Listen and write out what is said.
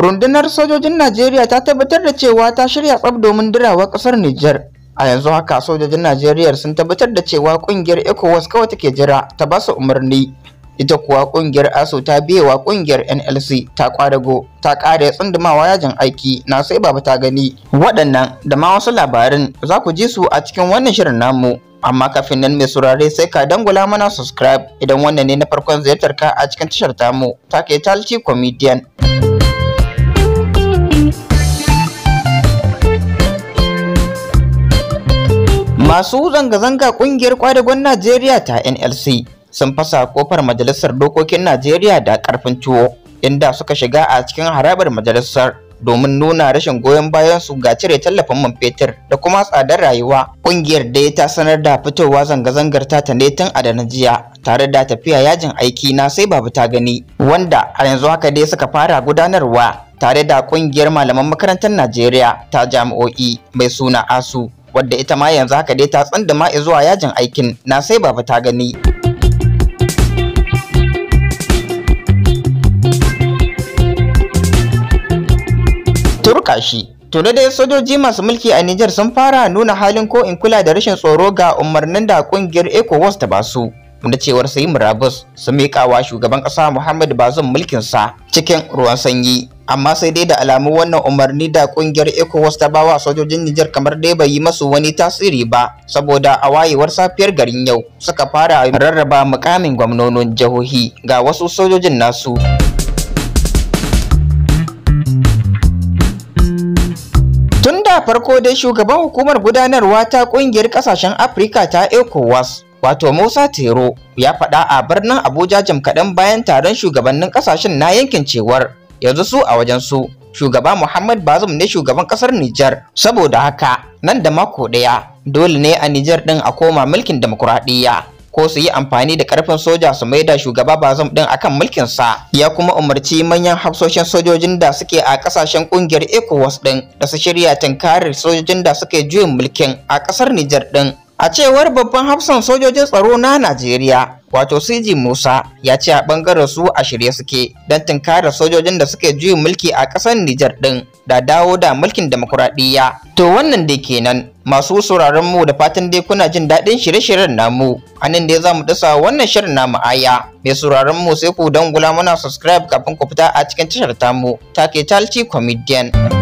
rundunar sojojin najeriya ta tabbatar da cewa ta shirya tsab domin dirawa kasar Nijar. a yanzu haka sojojin najeriya sun tabbatar da cewa kungiyar ecowas kawai take jira ta ba su umarni ita kuwa kungiyar aso ta wa kungiyar nlc ta kwadago ta kare tsundumawa yajin aiki na sai baba ta gani waɗannan da ma wasu labarin za ku ji su a cikin wannan shirin namu amma kafin nan mai saurare sai ka dangula mana subscribe idan wannan ne na farkon ziyartar ka a cikin tashar tamu kai talci comedian Masu zanga-zanga kungiyar kwadagon Najeriya ta NLC sun fasa kofar majalisar dokokin Najeriya da karfin tuwo inda suka shiga a cikin harabar majalisar domin nuna rashin goyon bayan su ga cire tallafin man fetur da kuma tsadar rayuwa. Kungiyar dai ta sanar da fitowa zanga-zangar ta ta ne tun a jiya tare da tafiya yajin aiki na sai babu ta gani wanda a yanzu haka dai suka fara gudanarwa tare da kungiyar malaman makarantar Najeriya ta jami'o'i mai suna ASU. wadda ita ma yanzu haka dai ta ma zuwa yajin aikin na sai baba ta gani. Turka shi da dai sojoji masu mulki a Niger sun fara nuna halin ko in kula da rashin tsoro ga umarnin da kungiyar ECOWAS ta basu. da cewar sai murabus su miƙawa shugaban ƙasa Muhammadu mulkin sa, cikin ruwan sanyi. amma sai dai da alamu wannan umarni da kungiyar ECOWAS ta bawa sojojin Niger kamar dai bai yi masu wani tasiri ba saboda a wayewar safiyar garin yau suka fara rarraba mukamin gwamnonin jihohi ga wasu sojojin nasu. Tun da farko dai shugaban hukumar gudanarwa ta kungiyar kasashen Afirka ta ECOWAS wato Musa Tero ya faɗa a birnin Abuja jam kaɗan bayan taron shugabannin ƙasashen na yankin cewar yanzu su a wajen su shugaba Muhammad bazum ne shugaban kasar Nijar saboda haka nan da mako ɗaya dole ne a Nijar ɗin a koma mulkin demokuraɗiyya ko su yi amfani da karfin soja su maida shugaba bazum ɗin akan mulkin sa ya kuma umarci manyan hafsoshin sojojin da suke a kasashen kungiyar ECOWAS ɗin da su shirya tankarar sojojin da suke juyin mulkin a kasar Nijar ɗin a cewar babban hafsan sojojin tsaro na Najeriya wato CG Musa ya ce a bangaren su a shirye suke don tunkarar sojojin da suke juyin mulki a ƙasar Nijar ɗin da dawo da mulkin demokuraɗiyya. To wannan dai kenan masu sauraron mu da fatan dai kuna jin daɗin shirye-shiryen namu. A nan dai za mu dasa wannan shirin namu aya. Mai sauraron mu sai ku dangula muna subscribe kafin ku fita a cikin tashar tamu. Take Talci Comedian.